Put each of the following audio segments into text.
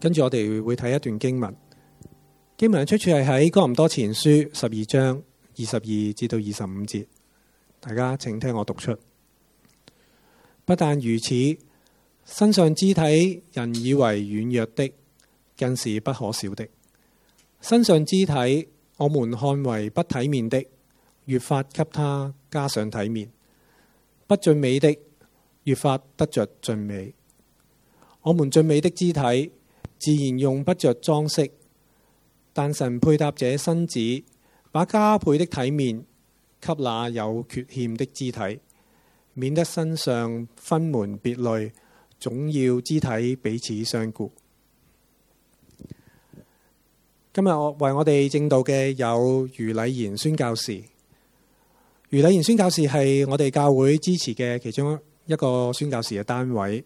跟住我哋會睇一段經文，經文嘅出處係喺《哥林多前書》十二章二十二至到二十五節。大家請聽我讀出。不但如此，身上肢體人以為軟弱的，更是不可少的；身上肢體我們看為不體面的，越發給他加上體面；不俊美的，越發得着俊美。我們俊美的肢體。自然用不着裝飾，但神配搭這身子，把加倍的體面給那有缺欠的肢體，免得身上分門別類，總要肢體彼此相顧。今日我為我哋正道嘅有余禮賢宣教士，余禮賢宣教士係我哋教會支持嘅其中一個宣教士嘅單位。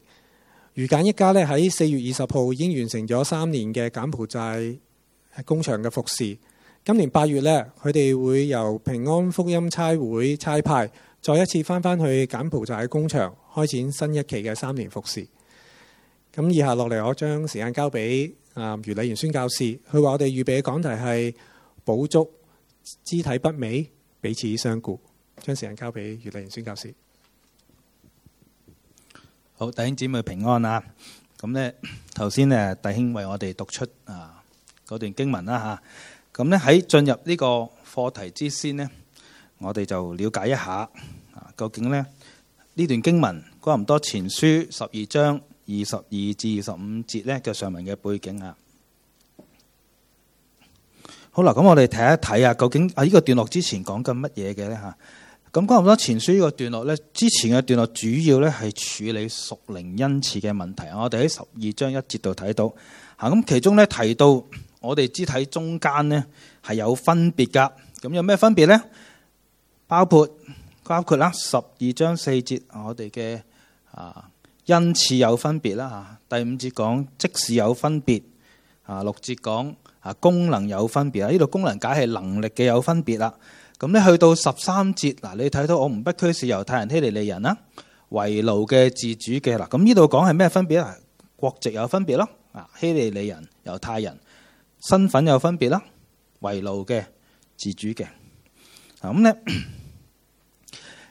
余簡一家咧喺四月二十號已經完成咗三年嘅柬埔寨工場嘅服侍，今年八月咧佢哋會由平安福音差會差派，再一次翻返去柬埔寨工場，開展新一期嘅三年服侍。咁以下落嚟，我將時間交俾啊余麗賢宣教師，佢話我哋預備嘅講題係補足肢體不美，彼此相顧。將時間交俾余麗賢宣教師。好，弟兄姊妹平安啊！咁呢頭先呢，弟兄為我哋讀出啊嗰段經文啦吓。咁呢喺進入呢個課題之先呢，我哋就了解一下究竟呢呢段經文《哥林多前書》十二章二十二至二十五節呢嘅上文嘅背景啊。好啦，咁我哋睇一睇啊，究竟喺呢個段落之前講緊乜嘢嘅呢？吓？咁講咁多前書呢個段落呢，之前嘅段落主要呢係處理屬靈恩賜嘅問題。我哋喺十二章一節度睇到，嚇咁其中呢提到我哋肢體中間呢係有分別㗎。咁有咩分別呢？包括包括啦，十二章四節我哋嘅啊恩賜有分別啦嚇。第五節講即使有分別，啊六節講啊功能有分別啊。呢度功能解係能力嘅有分別啦。咁咧去到十三節，嗱你睇到我唔不拘是猶太人、希利利人啦，為奴嘅自主嘅啦。咁呢度講係咩分別啊？國籍有分別咯，啊希利利人、猶太人，身份有分別啦，為奴嘅、自主嘅。咁咧，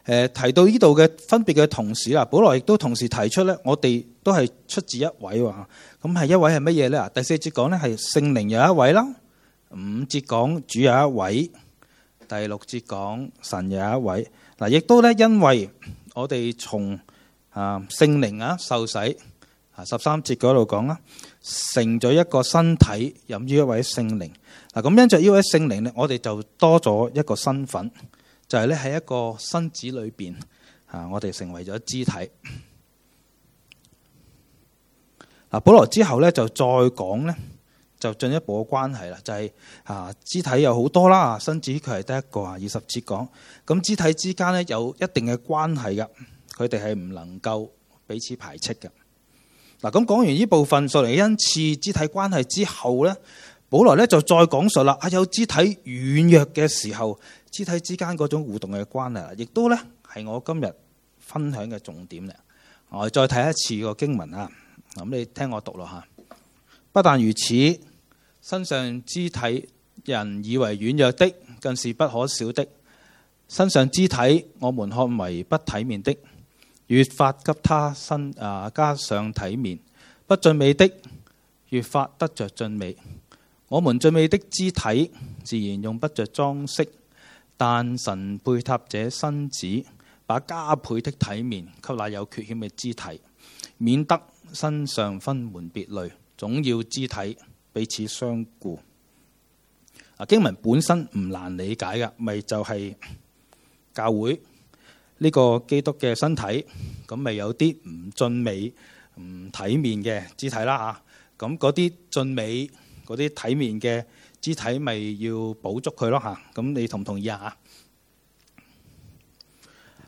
誒提到呢度嘅分別嘅同時啦，保羅亦都同時提出咧，我哋都係出自一位喎。咁係一位係乜嘢咧？第四節講咧係聖靈有一位啦，五節講主有一位。第六節講神有一位，嗱亦都咧，因為我哋從啊聖靈啊受洗啊十三節嗰度講啦，成咗一個身體飲於一位聖靈，嗱咁因着呢一位聖靈咧，我哋就多咗一個身份，就係咧喺一個身子裏邊啊，我哋成為咗肢體。嗱保羅之後咧就再講咧。就進一步嘅關係啦，就係、是、啊肢體有好多啦，身子佢係得一個啊。二十節講咁肢體之間呢有一定嘅關係嘅，佢哋係唔能夠彼此排斥嘅。嗱咁講完呢部分索羅因次肢體關係之後呢，保羅呢就再講述啦。啊有肢體軟弱嘅時候，肢體之間嗰種互動嘅關係啦，亦都呢係我今日分享嘅重點咧。我再睇一次個經文啊，咁你聽我讀落嚇。不但如此。身上肢體，人以為軟弱的，更是不可少的。身上肢體，我們看為不體面的，越發給他身啊、呃、加上體面，不俊美的越發得着俊美。我們俊美的肢體，自然用不着裝飾，但神配搭這身子，把加倍的體面給那有缺陷嘅肢體，免得身上分門別類，總要肢體，彼此相顧。啊，經文本身唔難理解嘅，咪就係教會呢個基督嘅身體，咁咪有啲唔俊美、唔體面嘅肢體啦啊！咁嗰啲俊美、嗰啲體面嘅肢體，咪要補足佢咯嚇。咁你同唔同意啊？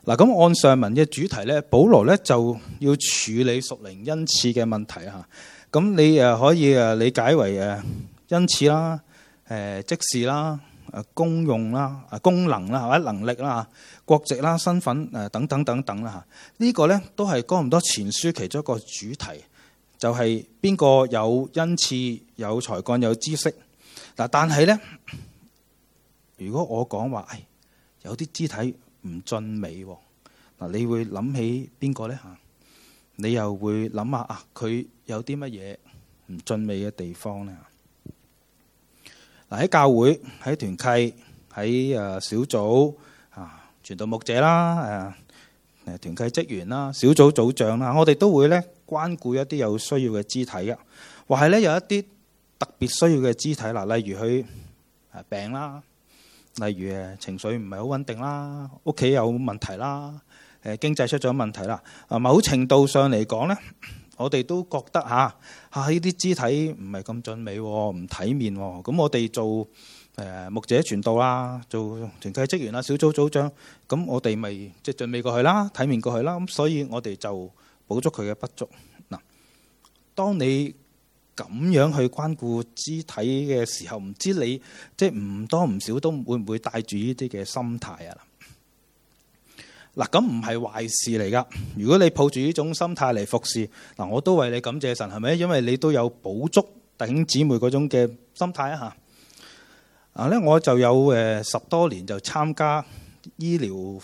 嗱，咁按上文嘅主題呢，保羅呢就要處理屬靈恩賜嘅問題嚇。咁你誒可以誒理解為誒恩賜啦、誒職事啦、誒功用啦、誒功能啦、或者能力啦、國籍啦、身份誒等等等等啦嚇，呢個咧都係講哥林多前書其中一個主題，就係邊個有恩賜、有才幹、有知識。嗱，但係咧，如果我講話誒有啲肢體唔俊美，嗱，你會諗起邊個咧嚇？你又會諗下啊？佢有啲乜嘢唔盡美嘅地方呢？嗱，喺教會、喺團契、喺誒小組啊，傳道牧者啦、誒團契職員啦、小組組長啦，我哋都會咧關顧一啲有需要嘅肢體嘅，或係咧有一啲特別需要嘅肢體啦，例如佢病啦，例如誒情緒唔係好穩定啦，屋企有問題啦。誒經濟出咗問題啦，啊某程度上嚟講呢，我哋都覺得嚇嚇呢啲肢體唔係咁俊美，唔體面喎。咁我哋做誒牧者傳道啦，做團契職員啦，小組組長，咁我哋咪即係俊美過去啦，體面過去啦。咁所以我哋就補足佢嘅不足。嗱，當你咁樣去關顧肢體嘅時候，唔知你即係唔多唔少都會唔會帶住呢啲嘅心態啊？嗱，咁唔係壞事嚟噶。如果你抱住呢種心態嚟服侍，嗱，我都為你感謝神，係咪？因為你都有補足弟兄姊妹嗰種嘅心態啊！嚇，啊咧，我就有十多年就參加醫療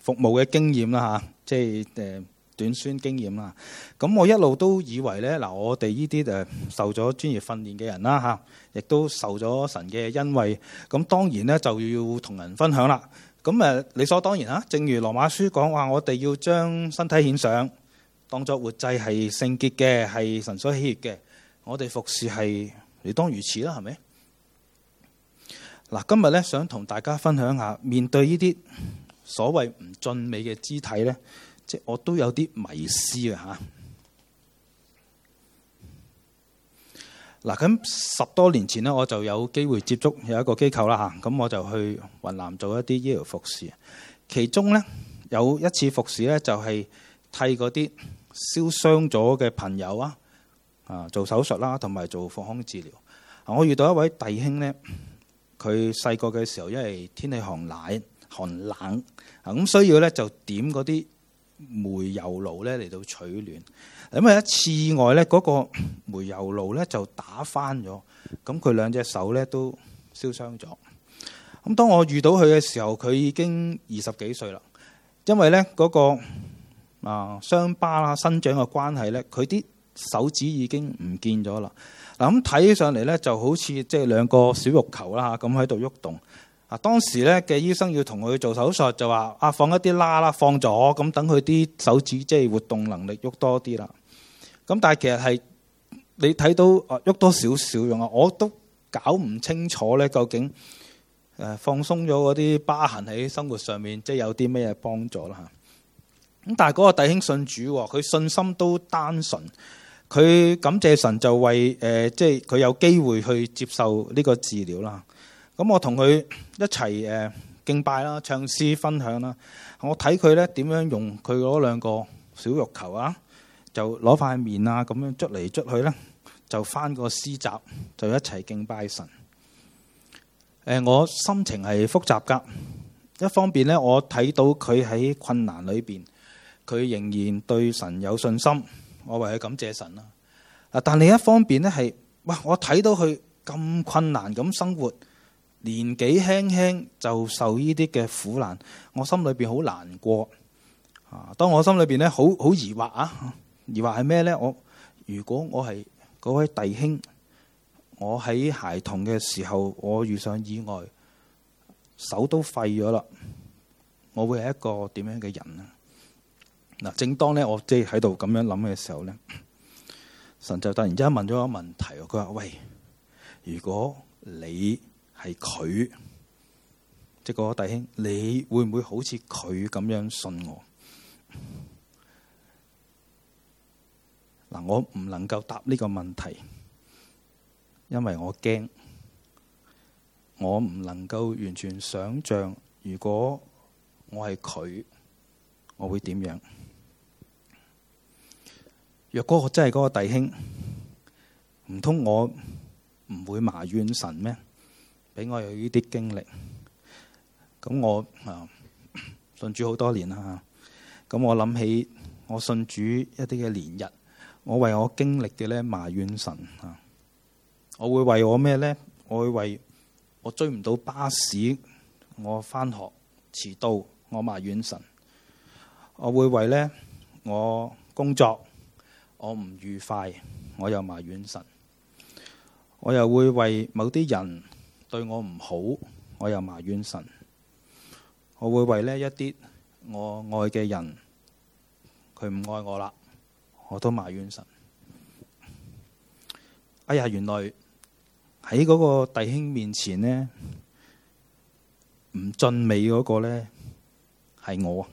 服務嘅經驗啦，嚇，即係短宣經驗啦。咁我一路都以為咧，嗱，我哋呢啲誒受咗專業訓練嘅人啦，嚇，亦都受咗神嘅恩惠，咁當然咧就要同人分享啦。咁誒，理所當然啦。正如羅馬書講話，我哋要將身體獻上當作活祭，係聖潔嘅，係神所喜悅嘅。我哋服侍係理當如此啦，係咪？嗱，今日呢，想同大家分享下，面對呢啲所謂唔俊美嘅肢體呢，即我都有啲迷思啊嚇。嗱，咁十多年前咧，我就有機會接觸有一個機構啦嚇，咁我就去雲南做一啲醫療服侍，其中咧有一次服侍呢，就係替嗰啲燒傷咗嘅朋友啊，做手術啦，同埋做復康治療。我遇到一位弟兄呢，佢細個嘅時候因為天氣寒冷，寒冷啊咁需要呢就點嗰啲煤油爐呢嚟到取暖。因為一次意外咧，嗰個煤油爐咧就打翻咗，咁佢兩隻手咧都燒傷咗。咁當我遇到佢嘅時候，佢已經二十幾歲啦。因為咧嗰個啊傷疤啦生長嘅關係咧，佢啲手指已經唔見咗啦。嗱，咁睇上嚟咧就好似即係兩個小肉球啦嚇，咁喺度喐動。啊當時咧嘅醫生要同佢做手術，就話啊放一啲啦啦，放咗，咁等佢啲手指即係活動能力喐多啲啦。咁但係其實係你睇到喐多少少用啊，我都搞唔清楚咧究竟，誒放鬆咗嗰啲疤痕喺生活上面即係有啲咩嘢幫助啦吓。咁但係嗰個弟兄信主，佢信心都單純，佢感謝神就為誒即係佢有機會去接受呢個治療啦。咁我同佢一齊誒敬拜啦、唱詩分享啦，我睇佢咧點樣用佢嗰兩個小肉球啊！就攞塊面啊，咁樣捽嚟捽去咧，就翻個詩集，就一齊敬拜神。誒，我心情係複雜噶。一方面咧，我睇到佢喺困難裏邊，佢仍然對神有信心，我為佢感謝神啦。啊，但另一方面咧，係哇，我睇到佢咁困難咁生活，年紀輕輕就受呢啲嘅苦難，我心裏邊好難過啊。當我心裏邊咧，好好疑惑啊。而話係咩呢？我如果我係嗰位弟兄，我喺孩童嘅時候，我遇上意外，手都廢咗啦，我會係一個點樣嘅人啊？嗱，正當呢，我即係喺度咁樣諗嘅時候呢，神就突然之間問咗一個問題，佢話：喂，如果你係佢，即係嗰個弟兄，你會唔會好似佢咁樣信我？嗱，我唔能夠答呢個問題，因為我驚，我唔能夠完全想像，如果我係佢，我會點樣？若果我真係嗰個弟兄，唔通我唔會埋怨神咩？俾我有呢啲經歷，咁我啊信主好多年啦，咁我諗起我信主一啲嘅年日。我為我經歷嘅咧埋怨神啊！我會為我咩咧？我會為我追唔到巴士，我返學遲到，我埋怨神。我會為咧我工作，我唔愉快，我又埋怨神。我又會為某啲人對我唔好，我又埋怨神。我會為呢一啲我愛嘅人，佢唔愛我啦。我都埋怨神。哎呀，原來喺，嗰個弟兄面前呢，唔盡美嗰個呢係我。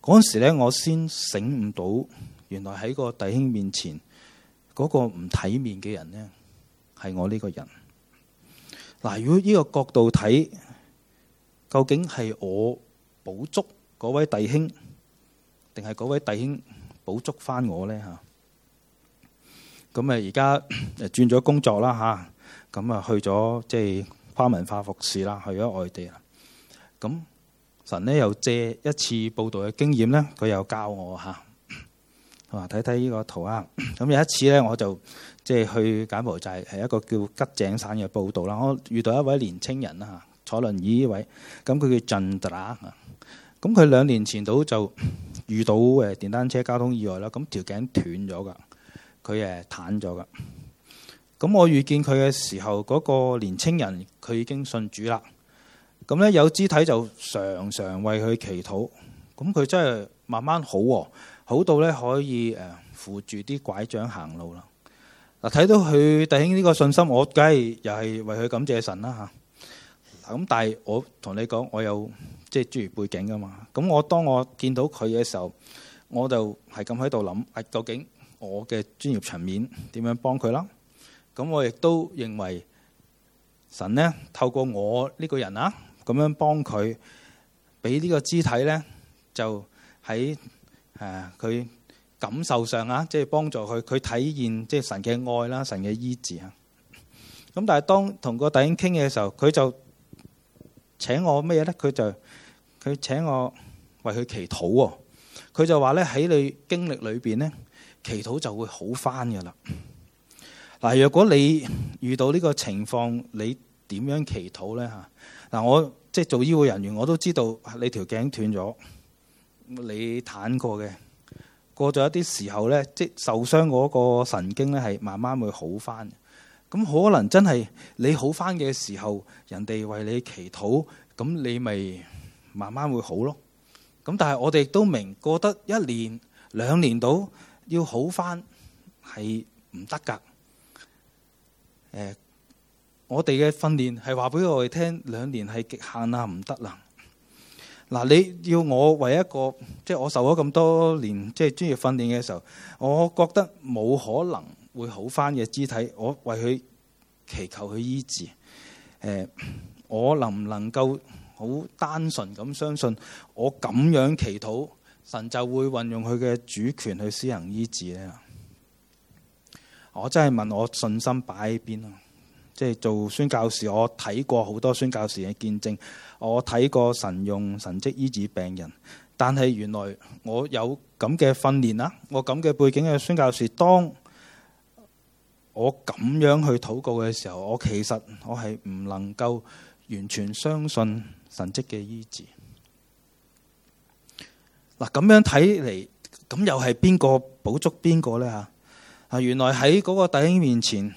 嗰時呢，我先醒悟到，原來喺個弟兄面前，嗰個唔體面嘅人呢，係我呢個人。嗱，如果呢個角度睇，究竟係我補足嗰位弟兄，定係嗰位弟兄？補足翻我咧嚇，咁啊而家轉咗工作啦嚇，咁啊去咗即係跨文化服侍啦，去咗外地啦。咁神呢又借一次報道嘅經驗呢，佢又教我嚇。啊，睇睇呢個圖啊！咁有一次呢，我就即係去柬埔寨，係一個叫吉井省嘅報道啦。我遇到一位年青人啦，坐輪椅呢位。咁佢叫特達，咁佢兩年前到就，遇到誒電單車交通意外啦，咁條頸斷咗噶，佢誒癱咗噶。咁我遇見佢嘅時候，嗰、那個年青人佢已經信主啦。咁咧有肢體就常常為佢祈禱。咁佢真係慢慢好，好到咧可以誒扶住啲拐杖行路啦。嗱，睇到佢弟兄呢個信心，我梗係又係為佢感謝神啦嚇。咁，但係我同你講，我有即係專業背景噶嘛。咁我當我見到佢嘅時候，我就係咁喺度諗啊。究竟我嘅專業層面點樣幫佢啦？咁我亦都認為神呢透過我呢個人啊，咁樣幫佢俾呢個肢體呢，就喺誒佢感受上啊，即係幫助佢佢體現即係神嘅愛啦，神嘅醫治啊。咁但係當同個弟兄傾嘅時候，佢就請我咩呢？佢就佢請我為佢祈禱喎。佢就話呢，喺你經歷裏邊呢，祈禱就會好翻噶啦。嗱，若果你遇到呢個情況，你點樣祈禱呢？嚇，嗱，我即係做醫護人員，我都知道你條頸斷咗，你癱過嘅，過咗一啲時候呢，即係受傷嗰個神經呢，係慢慢會好翻。咁可能真係你好翻嘅時候，人哋為你祈禱，咁你咪慢慢會好咯。咁但係我哋都明，過得一年，兩年到要好翻係唔得噶。我哋嘅訓練係話俾我哋聽，兩年係極限啦，唔得啦。嗱，你要我為一個即係、就是、我受咗咁多年即係專業訓練嘅時候，我覺得冇可能。會好翻嘅肢體，我為佢祈求去醫治。我能唔能夠好單純咁相信，我咁樣祈禱，神就會運用佢嘅主權去施行醫治呢？我真係問我信心擺喺邊啊！即係做宣教士，我睇過好多宣教士嘅見證，我睇過神用神蹟醫治病人，但係原來我有咁嘅訓練啦，我咁嘅背景嘅宣教士當。我咁樣去禱告嘅時候，我其實我係唔能夠完全相信神蹟嘅醫治。嗱，咁樣睇嚟，咁又係邊個補足邊個呢？吓啊，原來喺嗰個弟兄面前，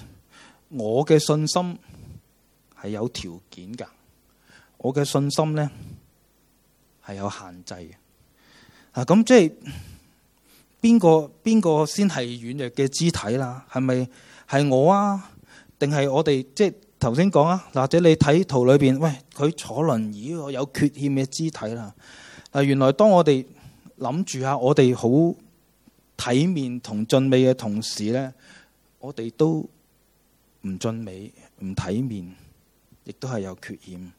我嘅信心係有條件噶，我嘅信心呢係有限制嘅。啊，咁即係邊個邊個先係軟弱嘅肢體啦？係咪？係我啊，定係我哋？即係頭先講啊，或者你睇圖裏邊，喂，佢坐輪椅，有缺陷嘅肢體啦。嗱，原來當我哋諗住下我哋好體面同俊美嘅同時呢，我哋都唔俊美，唔體面，亦都係有缺陷。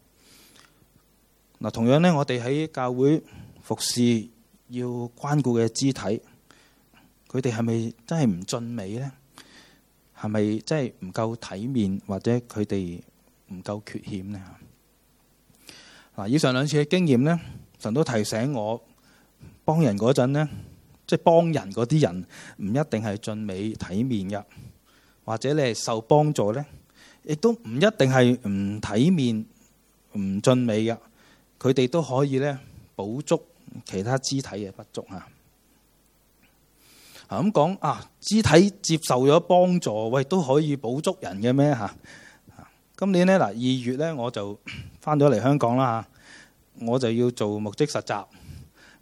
嗱，同樣呢，我哋喺教會服侍要關顧嘅肢體，佢哋係咪真係唔俊美呢？係咪即係唔夠體面，或者佢哋唔夠缺陷呢？嗱，以上兩次嘅經驗呢，神都提醒我幫人嗰陣咧，即係幫人嗰啲人唔一定係盡美體面嘅，或者你係受幫助呢，亦都唔一定係唔體面、唔盡美嘅，佢哋都可以呢，補足其他肢體嘅不足啊！咁講啊，肢體接受咗幫助，喂都可以補足人嘅咩嚇？今年呢，嗱，二月呢，我就翻咗嚟香港啦，我就要做牧職實習。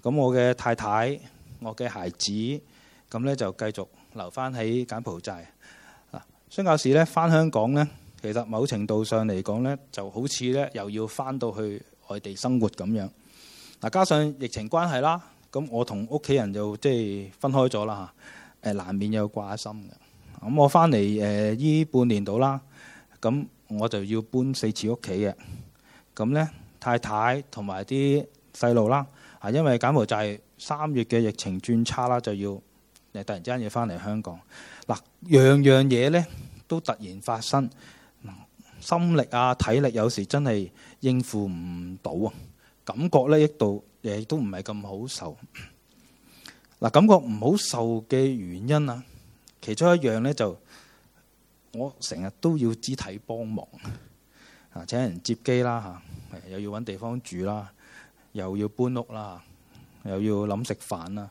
咁我嘅太太、我嘅孩子，咁呢就繼續留翻喺柬埔寨。啊，宣教士呢翻香港呢，其實某程度上嚟講呢，就好似呢又要翻到去外地生活咁樣。嗱，加上疫情關係啦。咁我同屋企人就即係分開咗啦嚇，誒難免有掛心嘅。咁我翻嚟誒依半年度啦，咁我就要搬四次屋企嘅。咁咧太太同埋啲細路啦，啊因為柬埔寨三月嘅疫情轉差啦，就要誒突然之間要翻嚟香港。嗱，樣樣嘢咧都突然發生，心力啊體力有時真係應付唔到啊，感覺咧一度。亦都唔係咁好受。嗱，感覺唔好受嘅原因啊，其中一樣呢，就我成日都要肢體幫忙啊，請人接機啦嚇，又要揾地方住啦，又要搬屋啦，又要諗食飯啦。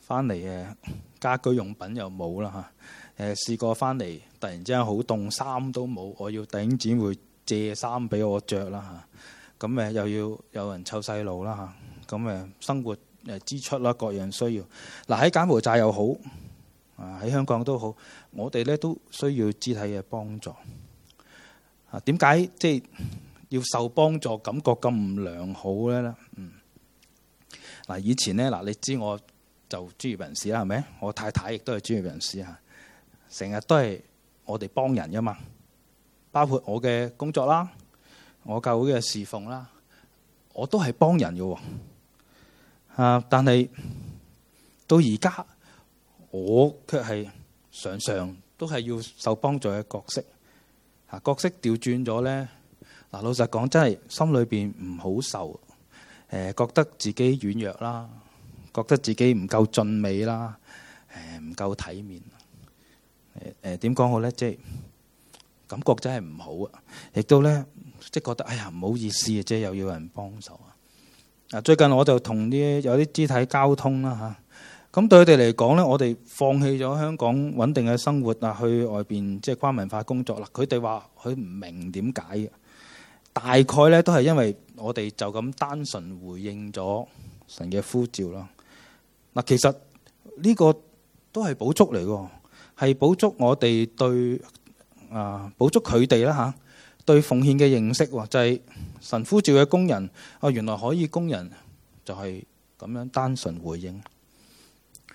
翻嚟誒，家居用品又冇啦嚇。誒試過翻嚟突然之間好凍，衫都冇，我要頂姊妹借衫俾我着啦嚇。咁誒又要有人湊細路啦嚇。咁誒生活誒支出啦，各樣需要。嗱喺柬埔寨又好，啊喺香港都好，我哋咧都需要肢體嘅幫助。啊，點解即係要受幫助感覺咁良好咧？嗯，嗱，以前咧嗱，你知我就專業人士啦，係咪？我太太亦都係專業人士啊，成日都係我哋幫人噶嘛，包括我嘅工作啦，我教會嘅侍奉啦，我都係幫人嘅。啊！但係到而家，我卻係常常都係要受幫助嘅角色。啊，角色調轉咗咧，嗱老實講，真係心裏邊唔好受。誒，覺得自己軟弱啦，覺得自己唔夠俊美啦，誒，唔夠體面。誒誒，點講好咧？即係感覺真係唔好啊！亦都咧，即係覺得哎呀唔好意思啊，即係又要人幫手啊！最近我就同啲有啲肢體交通啦嚇，咁對佢哋嚟講呢，我哋放棄咗香港穩定嘅生活啊，去外邊即係關文化工作啦。佢哋話佢唔明點解，大概呢都係因為我哋就咁單純回應咗神嘅呼召啦。嗱，其實呢個都係補足嚟喎，係補足我哋對啊補足佢哋啦嚇對奉獻嘅認識喎，就係。神呼召嘅工人，啊，原來可以工人就係咁樣單純回應。誒、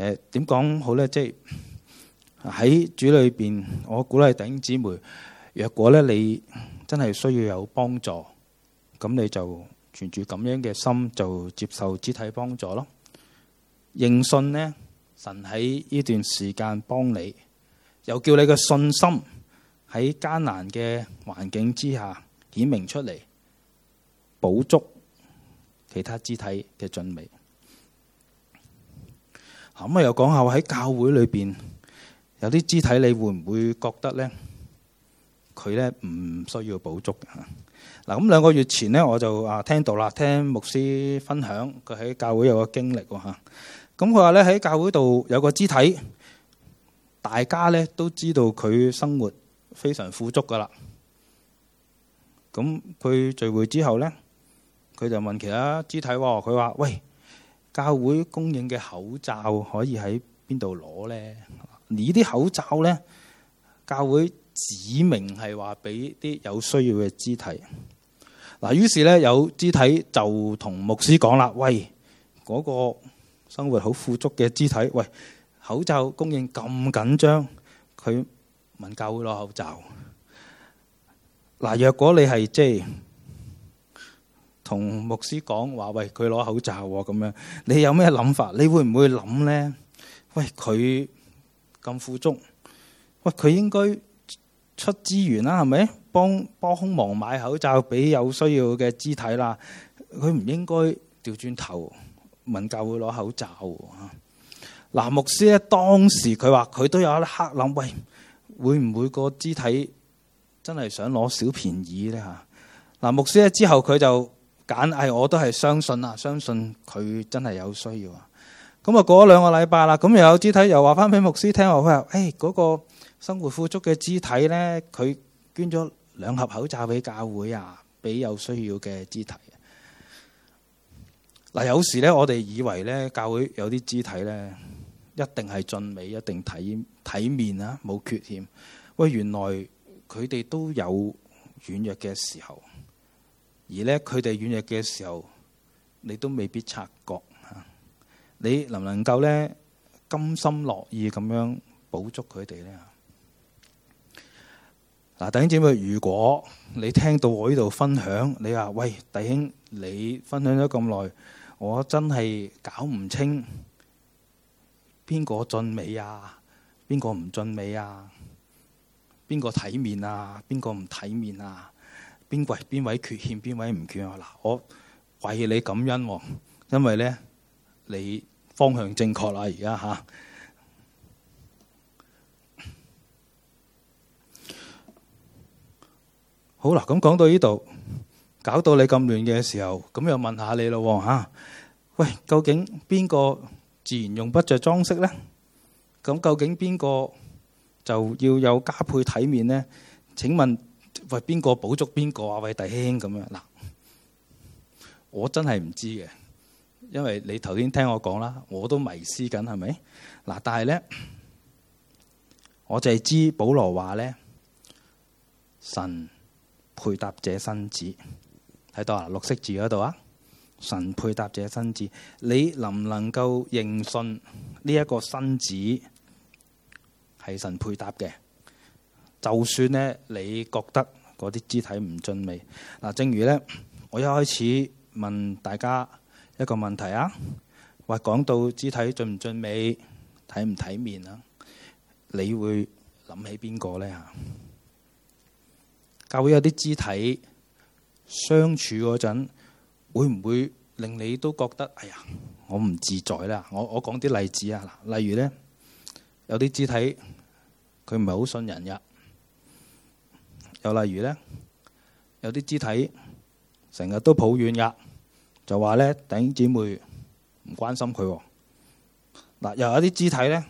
呃，點講好呢？即係喺主裏邊，我鼓勵弟兄姊妹，若果咧你真係需要有幫助，咁你就存住咁樣嘅心，就接受肢體幫助咯。應信咧，神喺呢段時間幫你，又叫你嘅信心喺艱難嘅環境之下。點明出嚟，補足其他肢體嘅俊美。咁啊，又講下喺教會裏邊，有啲肢體你會唔會覺得咧，佢咧唔需要補足嘅吓。嗱，咁兩個月前咧，我就啊聽到啦，聽牧師分享佢喺教會有個經歷吓。咁佢話咧喺教會度有個肢體，大家咧都知道佢生活非常富足噶啦咁佢聚會之後呢，佢就問其他肢體，佢話喂，教會供應嘅口罩可以喺邊度攞呢？呢啲口罩呢，教會指明係話俾啲有需要嘅肢體。嗱，於是呢，有肢體就同牧師講啦，喂，嗰個生活好富足嘅肢體，喂，口罩供應咁緊張，佢問教會攞口罩。嗱，若果你係即係同牧師講話，喂，佢攞口罩咁樣，你有咩諗法？你會唔會諗咧？喂，佢咁富足，喂，佢應該出資源啦，係咪？幫幫空忙買口罩俾有需要嘅肢體啦。佢唔應該掉轉頭問教會攞口罩。嗱，牧師咧當時佢話，佢都有一刻諗，喂，會唔會個肢體？真係想攞小便宜呢？嚇！嗱，牧師之後佢就簡毅，我都係相信啊，相信佢真係有需要。啊。咁啊，過咗兩個禮拜啦，咁又有肢體又話翻俾牧師聽話佢話：，誒嗰、哎那個生活富足嘅肢體呢，佢捐咗兩盒口罩俾教會啊，俾有需要嘅肢體。嗱，有時呢，我哋以為呢，教會有啲肢體呢，一定係俊美，一定體體面啊，冇缺陷。喂，原來～佢哋都有軟弱嘅時候，而呢，佢哋軟弱嘅時候，你都未必察覺。你能唔能夠呢，甘心樂意咁樣補足佢哋呢？嗱，弟兄姐妹，如果你聽到我呢度分享，你話：喂，弟兄，你分享咗咁耐，我真係搞唔清邊個盡美啊，邊個唔盡美啊？邊個體面啊？邊個唔體面啊？邊位邊位缺欠？邊位唔缺啊？嗱，我懷疑你感恩，因為咧你方向正確啦，而家吓。好啦，咁講到呢度，搞到你咁亂嘅時候，咁又問下你咯，吓？喂，究竟邊個自然用不着裝飾咧？咁究竟邊個？就要有加倍體面呢？請問為邊個補足邊個啊？喂，弟兄咁樣嗱，我真係唔知嘅，因為你頭先聽我講啦，我都迷失緊係咪？嗱，但係呢，我就係知保羅話呢，神配搭這身子，睇到啊，綠色字嗰度啊，神配搭這身子，你能唔能夠認信呢一個身子？係神配搭嘅，就算呢，你覺得嗰啲肢體唔俊美，嗱，正如呢，我一開始問大家一個問題啊，話講到肢體俊唔俊美，睇唔睇面啊，你會諗起邊個呢？啊？教會有啲肢體相處嗰陣，會唔會令你都覺得，哎呀，我唔自在啦？我我講啲例子啊，嗱，例如呢，有啲肢體。佢唔係好信人呀。又例如咧，有啲肢體成日都抱怨呀，就話咧頂姊妹唔關心佢喎。嗱，又有啲肢體咧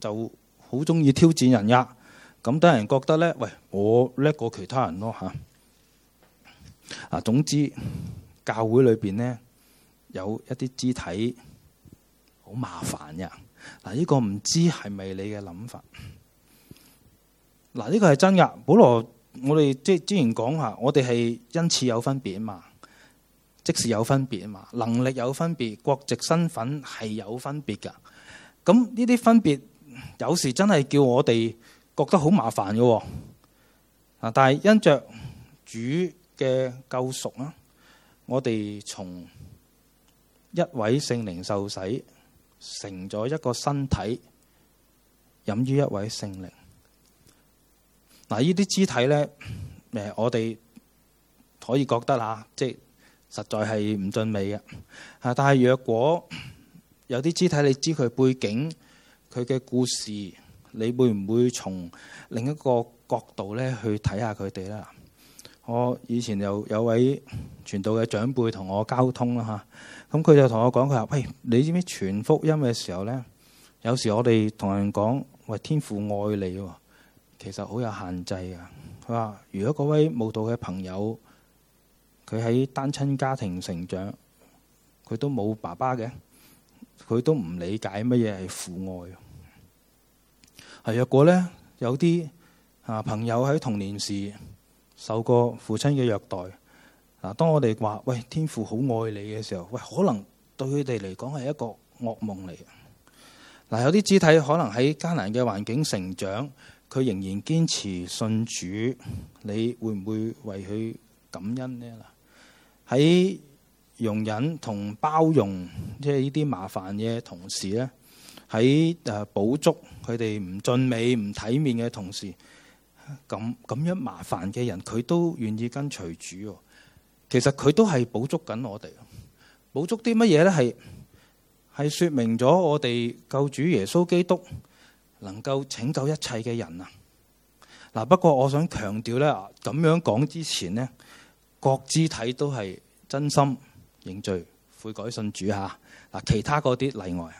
就好中意挑戰人呀。咁等人覺得咧，喂，我叻過其他人咯吓，嗱，總之教會裏邊呢有一啲肢體好麻煩呀。嗱，呢個唔知係咪你嘅諗法？嗱，呢個係真噶。保羅，我哋即係之前講下，我哋係因此有分別啊嘛，即使有分別啊嘛，能力有分別，國籍身份係有分別㗎。咁呢啲分別有時真係叫我哋覺得好麻煩嘅。嗱，但係因着主嘅救贖啊，我哋從一位聖靈受洗，成咗一個身體，飲於一位聖靈。嗱，呢啲肢體咧，誒，我哋可以覺得啦，即係實在係唔盡美嘅。但係若果有啲肢體，你知佢背景，佢嘅故事，你會唔會從另一個角度咧去睇下佢哋啦？我以前又有位傳道嘅長輩同我交通啦。咁佢就同我講佢話：喂，你知唔知傳福音嘅時候咧，有時我哋同人講，喂，天父愛你喎。其實好有限制嘅。佢話：如果嗰位舞蹈嘅朋友佢喺單親家庭成長，佢都冇爸爸嘅，佢都唔理解乜嘢係父愛。係若果呢有啲啊朋友喺童年時受過父親嘅虐待嗱，當我哋話喂，天父好愛你嘅時候，喂，可能對佢哋嚟講係一個噩夢嚟。嗱，有啲肢體可能喺艱難嘅環境成長。佢仍然堅持信主，你會唔會為佢感恩呢？嗱，喺容忍同包容即係呢啲麻煩嘅同時咧，喺誒補足佢哋唔盡美、唔體面嘅同時，咁咁樣麻煩嘅人佢都願意跟隨主。其實佢都係補足緊我哋，補足啲乜嘢咧？係係説明咗我哋救主耶穌基督。能夠拯救一切嘅人啊！嗱，不過我想強調咧，咁樣講之前呢，各肢體都係真心認罪，悔改信主吓。嗱，其他嗰啲例外。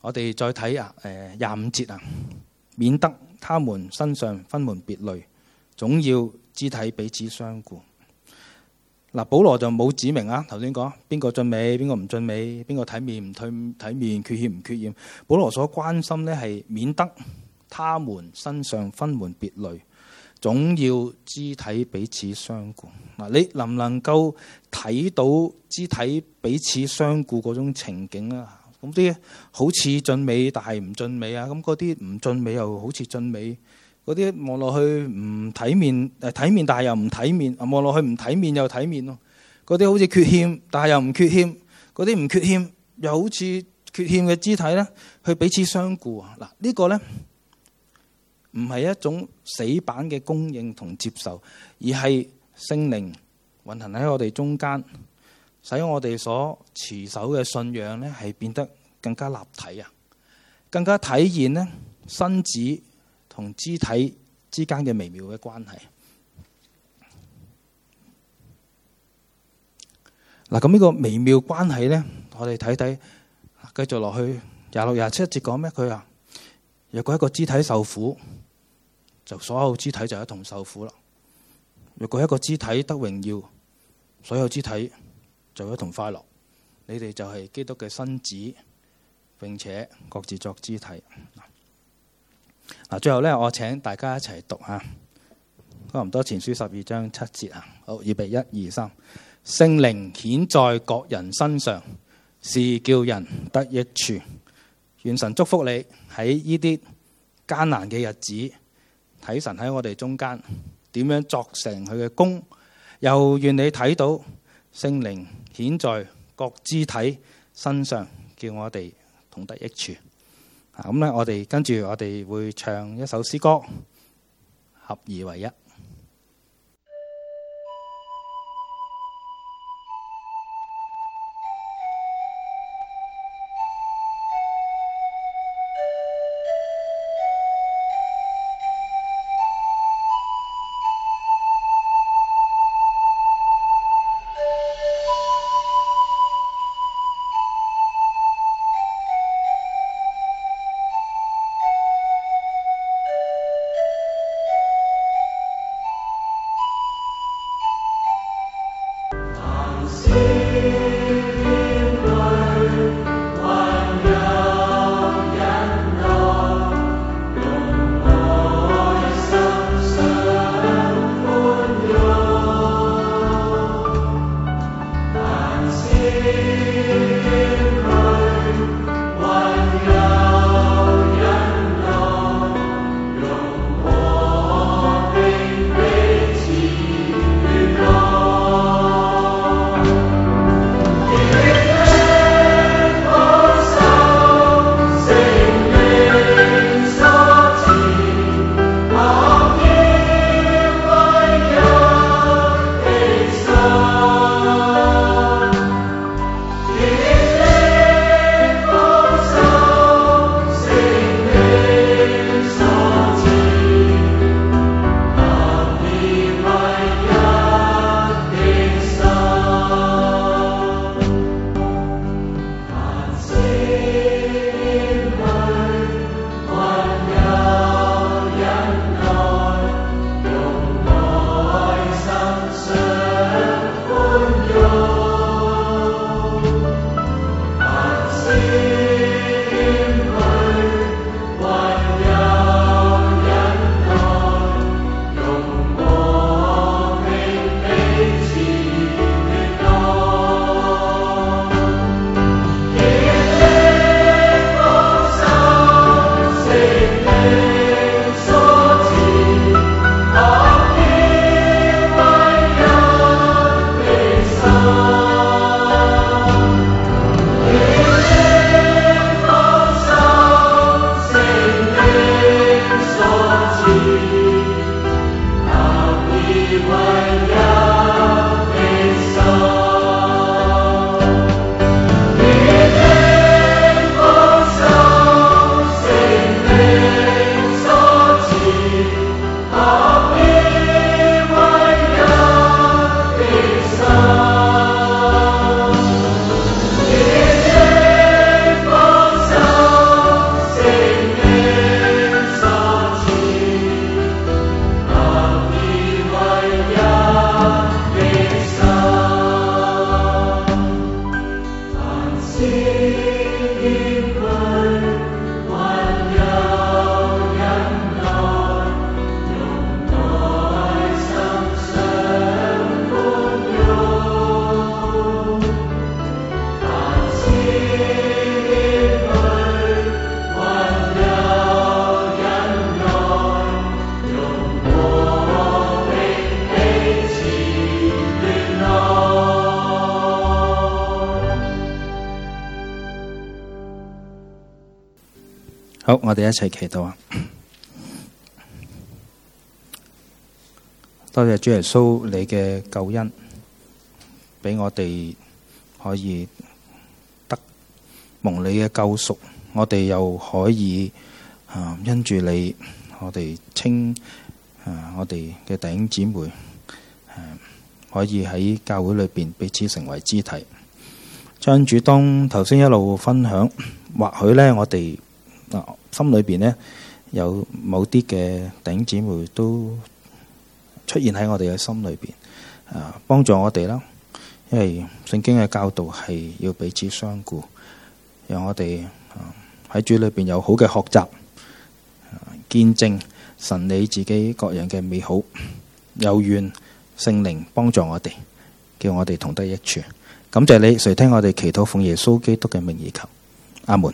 我哋再睇啊，誒廿五節啊，免得他們身上分門別類，總要肢體彼此相顧。嗱，保羅就冇指明啊，頭先講邊個俊美，邊個唔俊美，邊個體面唔退體面，缺欠唔缺欠。保羅所關心呢，係免得他們身上分門別類，總要肢體彼此相顧。嗱，你能唔能夠睇到肢體彼此相顧嗰種情景啊？咁啲好似俊美，但係唔俊美啊，咁嗰啲唔俊美又好似俊美。嗰啲望落去唔體面，誒體面，但係又唔體面；啊，望落去唔體面又體面咯。啲好似缺欠，但係又唔缺欠；嗰啲唔缺欠，又好似缺欠嘅肢體咧，去彼此相顧啊！嗱、這個，呢個咧唔係一種死板嘅供應同接受，而係聖靈運行喺我哋中間，使我哋所持守嘅信仰咧係變得更加立體啊，更加體現呢。身子。同肢體之間嘅微妙嘅關係。嗱，咁呢個微妙關係呢，我哋睇睇，繼續落去廿六廿七節講咩？佢話若果一個肢體受苦，就所有肢體就一同受苦啦；若果一個肢體得榮耀，所有肢體就一同快樂。你哋就係基督嘅身子，並且各自作肢體。最後咧，我請大家一齊讀吓，《哥林多前書》十二章七節啊。好，預備一二三。聖靈顯在各人身上，是叫人得益處。願神祝福你喺呢啲艱難嘅日子，睇神喺我哋中間點樣作成佢嘅功。又願你睇到聖靈顯在各肢體身上，叫我哋同得益處。咁咧，我哋跟住我哋會唱一首詩歌，合二為一。好，我哋一齊祈禱啊！多謝主耶穌你嘅救恩，俾我哋可以得蒙你嘅救贖，我哋又可以啊因住你，我哋稱啊，我哋嘅弟兄姊妹、啊、可以喺教會裏邊彼此成為肢體。張主東頭先一路分享，或許呢，我哋。心裏邊呢，有某啲嘅弟兄姊妹都出現喺我哋嘅心裏邊，啊，幫助我哋啦。因為聖經嘅教導係要彼此相顧，讓我哋喺主裏邊有好嘅學習，見證神你自己各樣嘅美好，有願聖靈幫助我哋，叫我哋同得益處。感謝你，垂聽我哋祈禱奉耶穌基督嘅名義求，阿門。